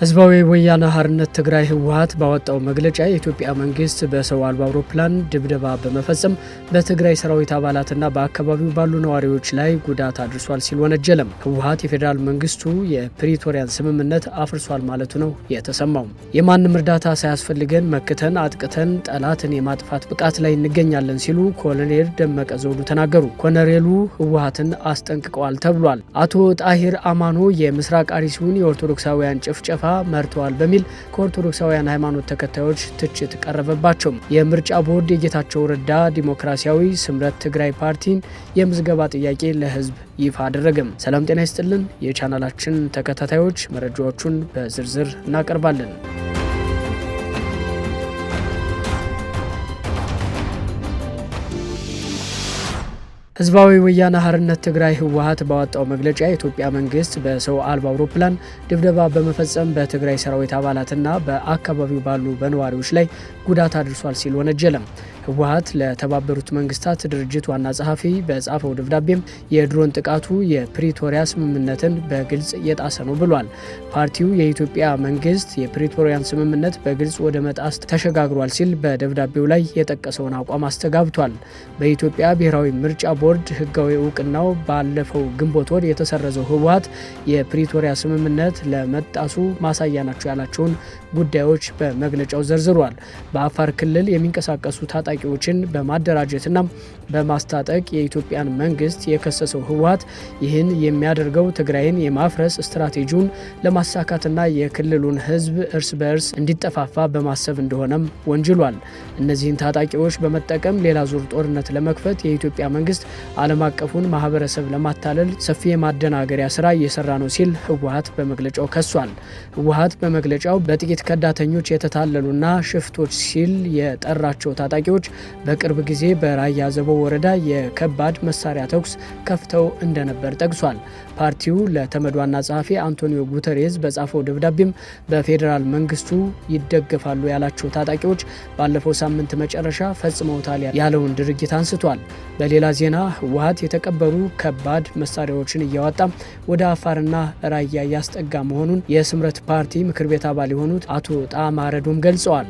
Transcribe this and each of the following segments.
ህዝባዊ ወያነ ሓርነት ትግራይ ህወሓት ባወጣው መግለጫ የኢትዮጵያ መንግስት በሰው አልባ አውሮፕላን ድብደባ በመፈጸም በትግራይ ሰራዊት አባላትና በአካባቢው ባሉ ነዋሪዎች ላይ ጉዳት አድርሷል ሲል ወነጀለም። ህወሓት የፌዴራል መንግስቱ የፕሪቶሪያን ስምምነት አፍርሷል ማለቱ ነው የተሰማው። የማንም እርዳታ ሳያስፈልገን መክተን አጥቅተን ጠላትን የማጥፋት ብቃት ላይ እንገኛለን ሲሉ ኮሎኔል ደመቀ ዘውዱ ተናገሩ። ኮሎኔሉ ህወሓትን አስጠንቅቀዋል ተብሏል። አቶ ጣሂር አማኖ የምስራቅ አርሲውን የኦርቶዶክሳውያን ጭፍጨፋ መርተዋል በሚል ከኦርቶዶክሳውያን ሃይማኖት ተከታዮች ትችት ቀረበባቸው። የምርጫ ቦርድ የጌታቸው ረዳ ዲሞክራሲያዊ ስምረት ትግራይ ፓርቲን የምዝገባ ጥያቄ ለህዝብ ይፋ አደረገም። ሰላም ጤና ይስጥልን የቻናላችን ተከታታዮች መረጃዎቹን በዝርዝር እናቀርባለን። ህዝባዊ ወያነ ሓርነት ትግራይ ህወሓት ባወጣው መግለጫ የኢትዮጵያ መንግስት በሰው አልባ አውሮፕላን ድብደባ በመፈጸም በትግራይ ሰራዊት አባላትና በአካባቢው ባሉ በነዋሪዎች ላይ ጉዳት አድርሷል ሲል ወነጀለም። ህወሀት ለተባበሩት መንግስታት ድርጅት ዋና ጸሐፊ በጻፈው ደብዳቤም የድሮን ጥቃቱ የፕሪቶሪያ ስምምነትን በግልጽ እየጣሰ ነው ብሏል። ፓርቲው የኢትዮጵያ መንግስት የፕሪቶሪያን ስምምነት በግልጽ ወደ መጣስ ተሸጋግሯል ሲል በደብዳቤው ላይ የጠቀሰውን አቋም አስተጋብቷል። በኢትዮጵያ ብሔራዊ ምርጫ ቦርድ ህጋዊ እውቅናው ባለፈው ግንቦት ወር የተሰረዘው ህወሀት የፕሪቶሪያ ስምምነት ለመጣሱ ማሳያ ናቸው ያላቸውን ጉዳዮች በመግለጫው ዘርዝሯል። በአፋር ክልል የሚንቀሳቀሱ ታጣቂ ታጣቂዎችን በማደራጀትና በማስታጠቅ የኢትዮጵያን መንግስት የከሰሰው ህወሀት ይህን የሚያደርገው ትግራይን የማፍረስ ስትራቴጂውን ለማሳካትና የክልሉን ህዝብ እርስ በእርስ እንዲጠፋፋ በማሰብ እንደሆነም ወንጅሏል። እነዚህን ታጣቂዎች በመጠቀም ሌላ ዙር ጦርነት ለመክፈት የኢትዮጵያ መንግስት ዓለም አቀፉን ማህበረሰብ ለማታለል ሰፊ የማደናገሪያ ስራ እየሰራ ነው ሲል ህወሀት በመግለጫው ከሷል። ህወሀት በመግለጫው በጥቂት ከዳተኞች የተታለሉና ሽፍቶች ሲል የጠራቸው ታጣቂዎች በቅርብ ጊዜ በራያ ዘቦ ወረዳ የከባድ መሳሪያ ተኩስ ከፍተው እንደነበር ጠቅሷል። ፓርቲው ለተመድ ዋና ጸሐፊ አንቶኒዮ ጉተሬዝ በጻፈው ደብዳቤም በፌዴራል መንግስቱ ይደገፋሉ ያላቸው ታጣቂዎች ባለፈው ሳምንት መጨረሻ ፈጽመውታል ያለውን ድርጊት አንስቷል። በሌላ ዜና ህወሀት የተቀበሩ ከባድ መሳሪያዎችን እያወጣ ወደ አፋርና ራያ እያስጠጋ መሆኑን የስምረት ፓርቲ ምክር ቤት አባል የሆኑት አቶ ጣማ ገልጸዋል።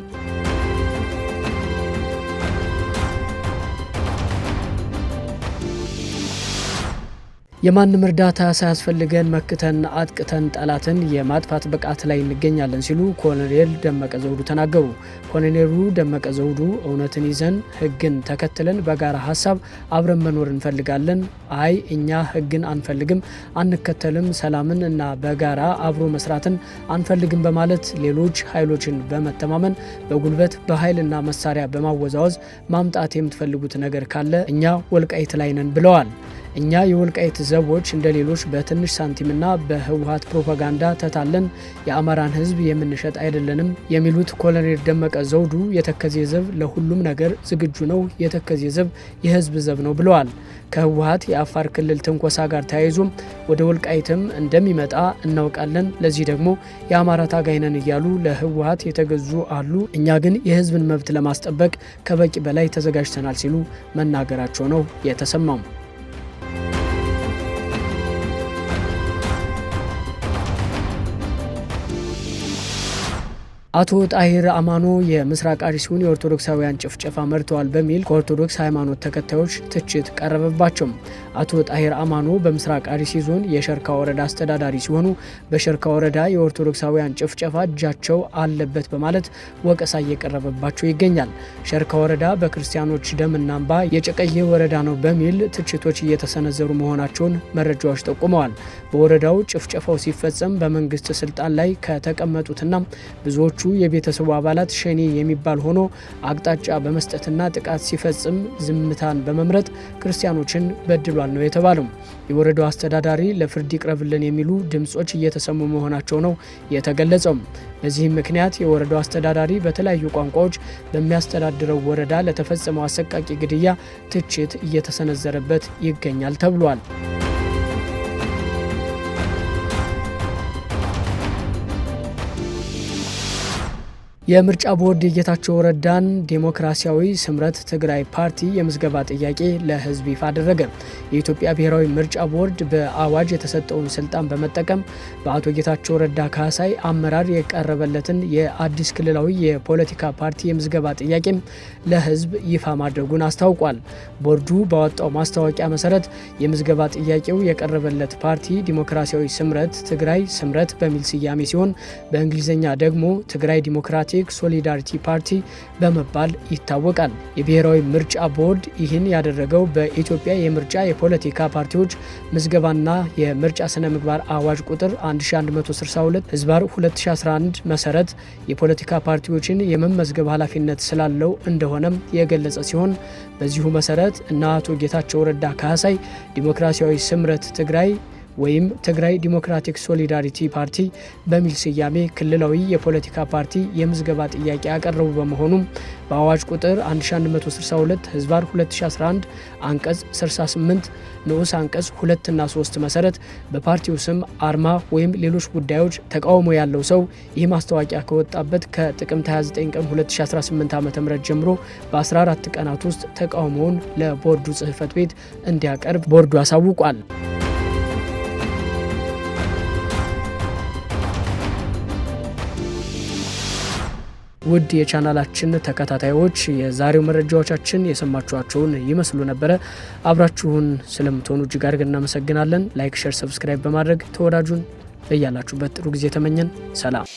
የማንም እርዳታ ሳያስፈልገን መክተን አጥቅተን ጠላትን የማጥፋት ብቃት ላይ እንገኛለን ሲሉ ኮሎኔል ደመቀ ዘውዱ ተናገሩ። ኮሎኔሉ ደመቀ ዘውዱ እውነትን ይዘን ሕግን ተከትለን በጋራ ሀሳብ አብረን መኖር እንፈልጋለን። አይ እኛ ሕግን አንፈልግም፣ አንከተልም፣ ሰላምን እና በጋራ አብሮ መስራትን አንፈልግም በማለት ሌሎች ኃይሎችን በመተማመን በጉልበት በኃይልና መሳሪያ በማወዛወዝ ማምጣት የምትፈልጉት ነገር ካለ እኛ ወልቃይት ላይ ነን ብለዋል። እኛ የወልቃይት ዘቦች እንደ ሌሎች በትንሽ ሳንቲምና በህወሀት ፕሮፓጋንዳ ተታለን የአማራን ህዝብ የምንሸጥ አይደለንም የሚሉት ኮሎኔል ደመቀ ዘውዱ የተከዜ ዘብ ለሁሉም ነገር ዝግጁ ነው፣ የተከዜ ዘብ የህዝብ ዘብ ነው ብለዋል። ከህወሀት የአፋር ክልል ትንኮሳ ጋር ተያይዞም ወደ ወልቃይትም እንደሚመጣ እናውቃለን። ለዚህ ደግሞ የአማራ ታጋይ ነን እያሉ ለህወሀት የተገዙ አሉ። እኛ ግን የህዝብን መብት ለማስጠበቅ ከበቂ በላይ ተዘጋጅተናል ሲሉ መናገራቸው ነው የተሰማው። አቶ ጣሂር አማኖ የምስራቅ አርሲውን የኦርቶዶክሳውያን ጭፍጨፋ መርተዋል በሚል ከኦርቶዶክስ ሃይማኖት ተከታዮች ትችት ቀረበባቸው። አቶ ጣሂር አማኖ በምስራቅ አርሲ ዞን የሸርካ ወረዳ አስተዳዳሪ ሲሆኑ በሸርካ ወረዳ የኦርቶዶክሳውያን ጭፍጨፋ እጃቸው አለበት በማለት ወቀሳ እየቀረበባቸው ይገኛል። ሸርካ ወረዳ በክርስቲያኖች ደምና አምባ የጨቀየ ወረዳ ነው በሚል ትችቶች እየተሰነዘሩ መሆናቸውን መረጃዎች ጠቁመዋል። በወረዳው ጭፍጨፋው ሲፈጸም በመንግስት ስልጣን ላይ ከተቀመጡትና ብዙዎቹ የቤተሰቡ አባላት ሸኔ የሚባል ሆኖ አቅጣጫ በመስጠትና ጥቃት ሲፈጽም ዝምታን በመምረጥ ክርስቲያኖችን በድሏል ነው የተባለው። የወረዳው አስተዳዳሪ ለፍርድ ይቅረብልን የሚሉ ድምጾች እየተሰሙ መሆናቸው ነው የተገለጸው። በዚህም ምክንያት የወረዳው አስተዳዳሪ በተለያዩ ቋንቋዎች በሚያስተዳድረው ወረዳ ለተፈጸመው አሰቃቂ ግድያ ትችት እየተሰነዘረበት ይገኛል ተብሏል። የምርጫ ቦርድ የጌታቸው ረዳን ዴሞክራሲያዊ ስምረት ትግራይ ፓርቲ የምዝገባ ጥያቄ ለሕዝብ ይፋ አደረገ። የኢትዮጵያ ብሔራዊ ምርጫ ቦርድ በአዋጅ የተሰጠውን ስልጣን በመጠቀም በአቶ ጌታቸው ረዳ ካሳይ አመራር የቀረበለትን የአዲስ ክልላዊ የፖለቲካ ፓርቲ የምዝገባ ጥያቄም ለሕዝብ ይፋ ማድረጉን አስታውቋል። ቦርዱ ባወጣው ማስታወቂያ መሰረት የምዝገባ ጥያቄው የቀረበለት ፓርቲ ዲሞክራሲያዊ ስምረት ትግራይ ስምረት በሚል ስያሜ ሲሆን በእንግሊዝኛ ደግሞ ትግራይ ዲሞክራቲ ዲሞክራቲክ ሶሊዳሪቲ ፓርቲ በመባል ይታወቃል። የብሔራዊ ምርጫ ቦርድ ይህን ያደረገው በኢትዮጵያ የምርጫ የፖለቲካ ፓርቲዎች ምዝገባና የምርጫ ስነ ምግባር አዋጅ ቁጥር 1162 ህዝባር 2011 መሰረት የፖለቲካ ፓርቲዎችን የመመዝገብ ኃላፊነት ስላለው እንደሆነም የገለጸ ሲሆን በዚሁ መሰረት እና አቶ ጌታቸው ረዳ ካሳይ ዲሞክራሲያዊ ስምረት ትግራይ ወይም ትግራይ ዲሞክራቲክ ሶሊዳሪቲ ፓርቲ በሚል ስያሜ ክልላዊ የፖለቲካ ፓርቲ የምዝገባ ጥያቄ ያቀረቡ በመሆኑም በአዋጅ ቁጥር 1162 ህዝባር 2011 አንቀጽ 68 ንዑስ አንቀጽ 2 እና 3 መሰረት በፓርቲው ስም አርማ ወይም ሌሎች ጉዳዮች ተቃውሞ ያለው ሰው ይህ ማስታወቂያ ከወጣበት ከጥቅምት 29 ቀን 2018 ዓ ም ጀምሮ በ14 ቀናት ውስጥ ተቃውሞውን ለቦርዱ ጽህፈት ቤት እንዲያቀርብ ቦርዱ አሳውቋል። ውድ የቻናላችን ተከታታዮች የዛሬው መረጃዎቻችን የሰማችኋቸውን ይመስሉ ነበረ። አብራችሁን ስለምትሆኑ እጅግ አድርገን እናመሰግናለን። ላይክ፣ ሸር፣ ሰብስክራይብ በማድረግ ተወዳጁን በያላችሁበት ጥሩ ጊዜ ተመኘን። ሰላም